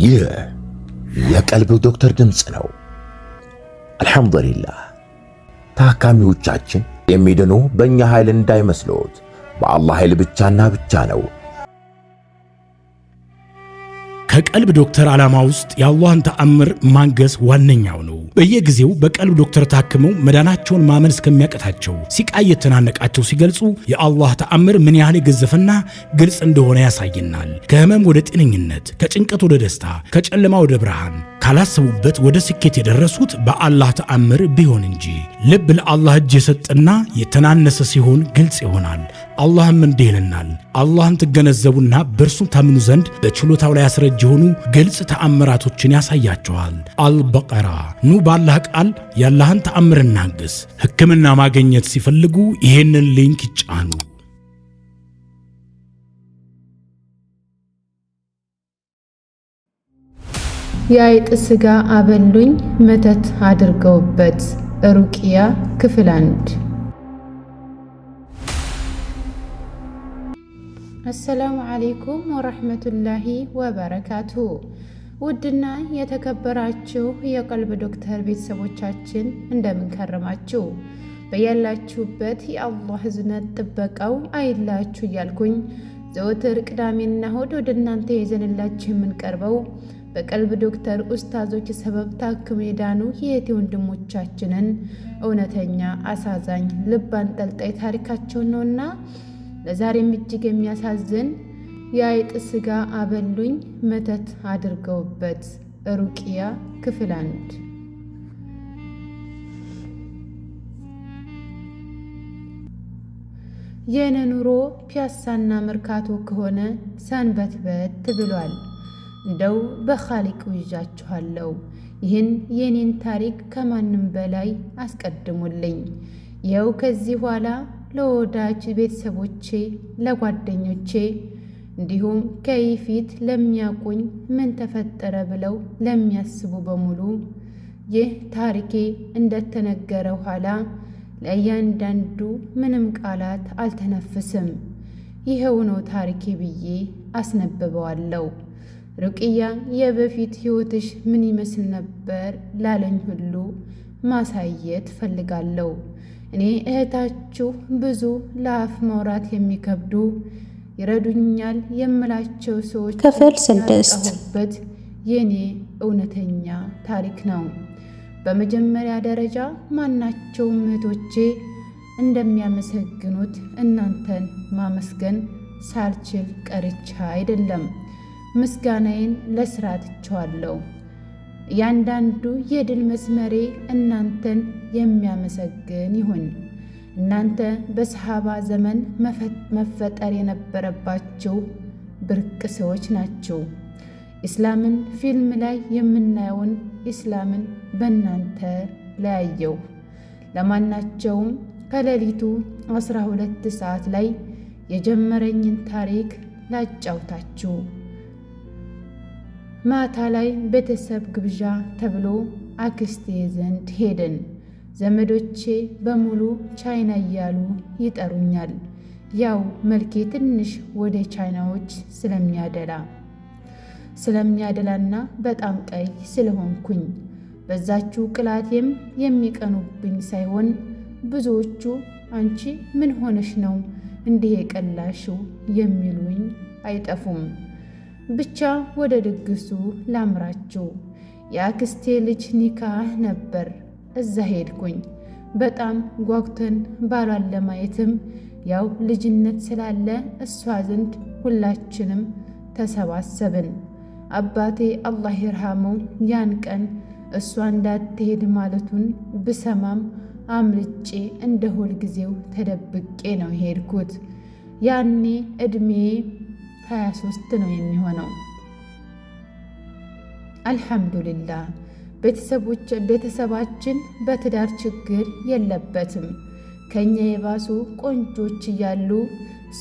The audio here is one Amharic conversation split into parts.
ይህ የቀልብ ዶክተር ድምፅ ነው። አልሐምዱሊላህ ታካሚዎቻችን የሚድኑ በእኛ ኃይል እንዳይመስሎት፣ በአላህ ኃይል ብቻና ብቻ ነው። ከቀልብ ዶክተር ዓላማ ውስጥ የአላህን ተአምር ማንገስ ዋነኛው ነው። በየጊዜው በቀልብ ዶክተር ታክመው መዳናቸውን ማመን እስከሚያቀታቸው ሲቃይ የተናነቃቸው ሲገልጹ የአላህ ተአምር ምን ያህል የገዘፈና ግልጽ እንደሆነ ያሳየናል። ከህመም ወደ ጤነኝነት፣ ከጭንቀት ወደ ደስታ፣ ከጨለማ ወደ ብርሃን ካላሰቡበት ወደ ስኬት የደረሱት በአላህ ተአምር ቢሆን እንጂ ልብ ለአላህ እጅ የሰጠና የተናነሰ ሲሆን ግልጽ ይሆናል። አላህም እንዲህ ይለናል፣ አላህን ትገነዘቡና በእርሱ ታምኑ ዘንድ በችሎታው ላይ አስረጅ የሆኑ ግልጽ ተአምራቶችን ያሳያቸዋል። አልበቀራ ኑ ባላህ ቃል ያላህን ተአምር እናግስ። ሕክምና ማግኘት ሲፈልጉ ይሄንን ሊንክ ይጫኑ። የአይጥ ስጋ አበሉኝ፣ መተት አድርገውበት ሩቅያ ክፍል አንድ። አሰላሙ አሌይኩም ወረሕመቱላሂ ወበረካቱ። ውድና የተከበራችሁ የቀልብ ዶክተር ቤተሰቦቻችን እንደምንከረማችሁ በያላችሁበት የአላህ ዝነት ጥበቃው አይላችሁ እያልኩኝ ዘወትር ቅዳሜና እሁድ ወደ እናንተ የዘንላችሁ የምንቀርበው በቀልብ ዶክተር ኡስታዞች ሰበብ ታክሞ የዳኑ የእህቴ ወንድሞቻችንን እውነተኛ አሳዛኝ ልብ አንጠልጣይ ታሪካቸውን ነውና ለዛሬም እጅግ የሚያሳዝን የአይጥ ስጋ አበሉኝ መተት አድርገውበት ሩቅያ ክፍል አንድ። የነ ኑሮ ፒያሳና መርካቶ ከሆነ ሰንበትበት ብሏል። እንደው በኻሊቅ ይዣችኋለሁ። ይህን የኔን ታሪክ ከማንም በላይ አስቀድሙልኝ። ይኸው ከዚህ በኋላ ለወዳጅ ቤተሰቦቼ፣ ለጓደኞቼ እንዲሁም ከይፊት ለሚያቁኝ ምን ተፈጠረ ብለው ለሚያስቡ በሙሉ ይህ ታሪኬ እንደተነገረ ኋላ ለእያንዳንዱ ምንም ቃላት አልተነፍስም። ይኸው ነው ታሪኬ ብዬ አስነብበዋለሁ። ሩቅያ የበፊት ህይወትሽ ምን ይመስል ነበር ላለኝ ሁሉ ማሳየት ፈልጋለሁ። እኔ እህታችሁ ብዙ ለአፍ ማውራት የሚከብዱ ይረዱኛል የምላቸው ሰዎች ክፍል ስድስት የእኔ እውነተኛ ታሪክ ነው። በመጀመሪያ ደረጃ ማናቸውም እህቶቼ እንደሚያመሰግኑት እናንተን ማመስገን ሳልችል ቀርቻ አይደለም። ምስጋናዬን ለስራ ትቸዋለሁ። እያንዳንዱ የድል መስመሬ እናንተን የሚያመሰግን ይሁን። እናንተ በሰሃባ ዘመን መፈጠር የነበረባችሁ ብርቅ ሰዎች ናችሁ። ኢስላምን ፊልም ላይ የምናየውን ኢስላምን በእናንተ ለያየው። ለማናቸውም ከሌሊቱ 12 ሰዓት ላይ የጀመረኝን ታሪክ ላጫውታችሁ። ማታ ላይ ቤተሰብ ግብዣ ተብሎ አክስቴ ዘንድ ሄድን። ዘመዶቼ በሙሉ ቻይና እያሉ ይጠሩኛል። ያው መልኬ ትንሽ ወደ ቻይናዎች ስለሚያደላ ስለሚያደላና በጣም ቀይ ስለሆንኩኝ በዛችሁ ቅላቴም የሚቀኑብኝ ሳይሆን ብዙዎቹ አንቺ ምን ሆነሽ ነው እንዲህ የቀላሽው የሚሉኝ አይጠፉም። ብቻ ወደ ድግሱ ላምራችሁ። የአክስቴ ልጅ ኒካህ ነበር። እዛ ሄድኩኝ። በጣም ጓጉተን ባሏን ለማየትም ያው ልጅነት ስላለ እሷ ዘንድ ሁላችንም ተሰባሰብን። አባቴ አላህ ይርሃመው ያን ቀን እሷ እንዳትሄድ ማለቱን ብሰማም አምልጬ እንደ ጊዜው ተደብቄ ነው ሄድኩት። ያኔ እድሜ 23 ነው የሚሆነው። አልሐምዱሊላ ቤተሰባችን በትዳር ችግር የለበትም። ከእኛ የባሱ ቆንጆች እያሉ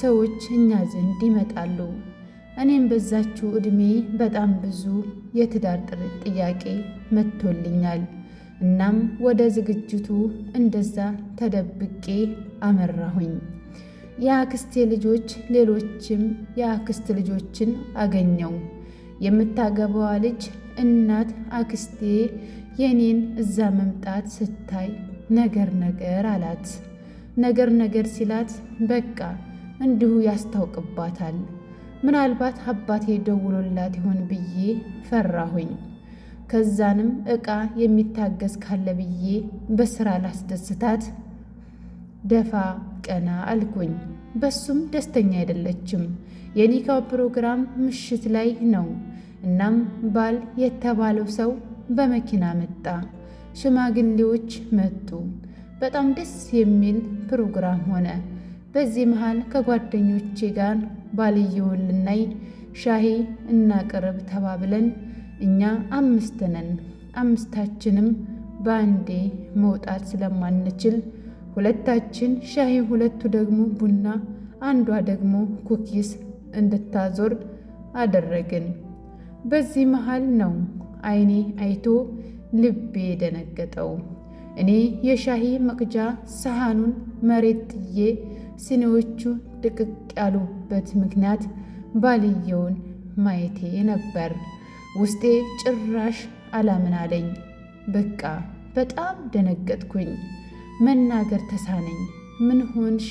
ሰዎች እኛ ዘንድ ይመጣሉ። እኔም በዛችው ዕድሜ በጣም ብዙ የትዳር ጥርት ጥያቄ መጥቶልኛል። እናም ወደ ዝግጅቱ እንደዛ ተደብቄ አመራሁኝ። የአክስቴ ልጆች ሌሎችም የአክስት ልጆችን አገኘው። የምታገባዋ ልጅ እናት አክስቴ የኔን እዛ መምጣት ስታይ ነገር ነገር አላት። ነገር ነገር ሲላት በቃ እንዲሁ ያስታውቅባታል። ምናልባት አባቴ ደውሎላት ይሆን ብዬ ፈራሁኝ። ከዛንም ዕቃ የሚታገዝ ካለ ብዬ በስራ ላስደስታት ደፋ ቀና አልኩኝ። በሱም ደስተኛ አይደለችም። የኒካው ፕሮግራም ምሽት ላይ ነው። እናም ባል የተባለው ሰው በመኪና መጣ። ሽማግሌዎች መጡ። በጣም ደስ የሚል ፕሮግራም ሆነ። በዚህ መሃል ከጓደኞቼ ጋር ባልየውን ልናይ ሻሂ እናቅርብ ተባብለን እኛ አምስት ነን። አምስታችንም በአንዴ መውጣት ስለማንችል ሁለታችን ሻሂ፣ ሁለቱ ደግሞ ቡና፣ አንዷ ደግሞ ኩኪስ እንድታዞር አደረግን። በዚህ መሃል ነው አይኔ አይቶ ልቤ የደነገጠው። እኔ የሻሂ መቅጃ ሰሃኑን መሬት ጥዬ ሲኒዎቹ ድቅቅ ያሉበት ምክንያት ባልየውን ማየቴ ነበር። ውስጤ ጭራሽ አላምን አለኝ። በቃ በጣም ደነገጥኩኝ። መናገር ተሳነኝ። ምን ሆንሽ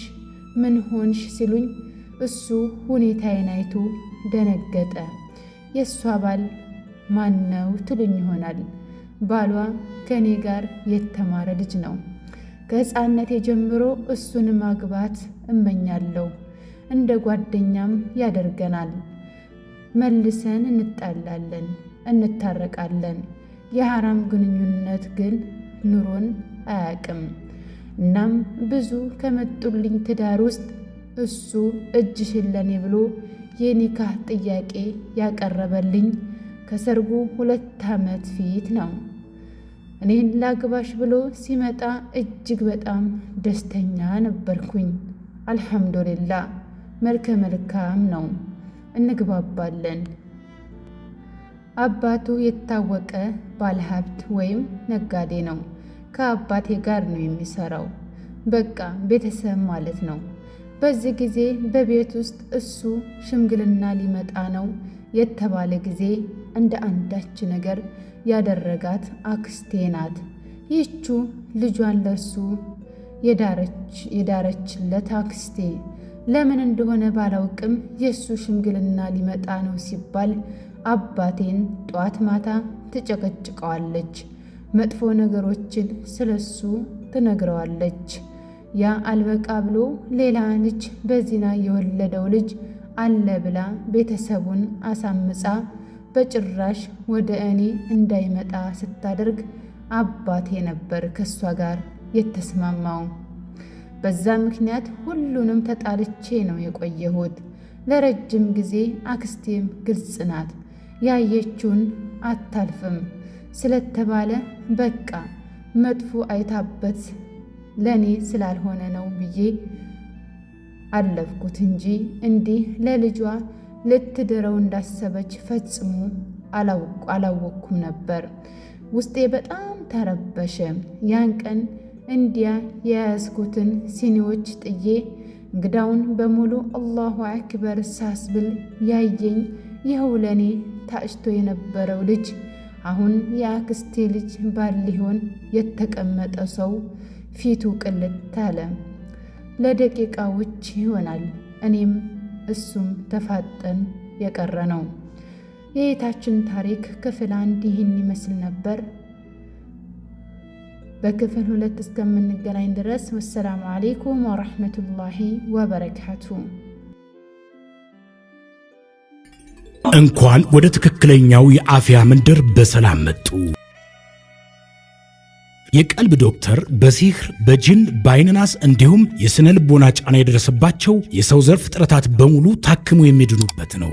ምን ሆንሽ ሲሉኝ እሱ ሁኔታዬን አይቶ ደነገጠ። የእሷ ባል ማን ነው ትሉኝ ይሆናል። ባሏ ከእኔ ጋር የተማረ ልጅ ነው። ከሕፃንነቴ ጀምሮ እሱን ማግባት እመኛለሁ። እንደ ጓደኛም ያደርገናል። መልሰን እንጣላለን፣ እንታረቃለን። የሐራም ግንኙነት ግን ኑሮን አያቅም። እናም ብዙ ከመጡልኝ ትዳር ውስጥ እሱ እጅሽን ለኔ ብሎ የኒካህ ጥያቄ ያቀረበልኝ ከሰርጉ ሁለት ዓመት ፊት ነው። እኔን ላግባሽ ብሎ ሲመጣ እጅግ በጣም ደስተኛ ነበርኩኝ። አልሐምዱሊላ መልከ መልካም ነው፣ እንግባባለን። አባቱ የታወቀ ባለሀብት ወይም ነጋዴ ነው። ከአባቴ ጋር ነው የሚሰራው። በቃ ቤተሰብ ማለት ነው። በዚህ ጊዜ በቤት ውስጥ እሱ ሽምግልና ሊመጣ ነው የተባለ ጊዜ እንደ አንዳች ነገር ያደረጋት አክስቴ ናት። ይህቹ ልጇን ለሱ የዳረችለት አክስቴ ለምን እንደሆነ ባላውቅም የእሱ ሽምግልና ሊመጣ ነው ሲባል አባቴን ጧት ማታ ትጨቀጭቀዋለች። መጥፎ ነገሮችን ስለሱ ትነግረዋለች። ያ አልበቃ ብሎ ሌላ ልጅ በዚና የወለደው ልጅ አለ ብላ ቤተሰቡን አሳምጻ በጭራሽ ወደ እኔ እንዳይመጣ ስታደርግ አባቴ ነበር ከእሷ ጋር የተስማማው። በዛ ምክንያት ሁሉንም ተጣልቼ ነው የቆየሁት ለረጅም ጊዜ። አክስቴም ግልጽ ናት፣ ያየችውን አታልፍም። ስለተባለ በቃ መጥፎ አይታበት ለእኔ ስላልሆነ ነው ብዬ አለፍኩት እንጂ እንዲህ ለልጇ ልትድረው እንዳሰበች ፈጽሞ አላወቅኩም ነበር። ውስጤ በጣም ተረበሸ። ያን ቀን እንዲያ የያዝኩትን ሲኒዎች ጥዬ እንግዳውን በሙሉ አላሁ አክበር ሳስብል ያየኝ ይኸው ለእኔ ታጭቶ የነበረው ልጅ አሁን የአክስቴ ልጅ ባል ሊሆን የተቀመጠ ሰው ፊቱ ቅልት አለ። ለደቂቃዎች ይሆናል እኔም እሱም ተፋጠን የቀረ ነው። የየታችን ታሪክ ክፍል አንድ ይህን ይመስል ነበር። በክፍል ሁለት እስከምንገናኝ ድረስ ወሰላሙ አሌይኩም ወረሕመቱላሂ ወበረካቱ። እንኳን ወደ ትክክለኛው የአፍያ መንደር በሰላም መጡ። የቀልብ ዶክተር በሲህር በጅን በአይነናስ እንዲሁም የሥነ ልቦና ጫና የደረሰባቸው የሰው ዘር ፍጥረታት በሙሉ ታክሞ የሚድኑበት ነው።